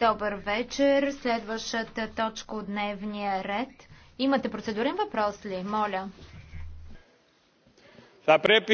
Добър вечер. Следващата точка от дневния ред. Имате процедурен въпрос ли? Моля.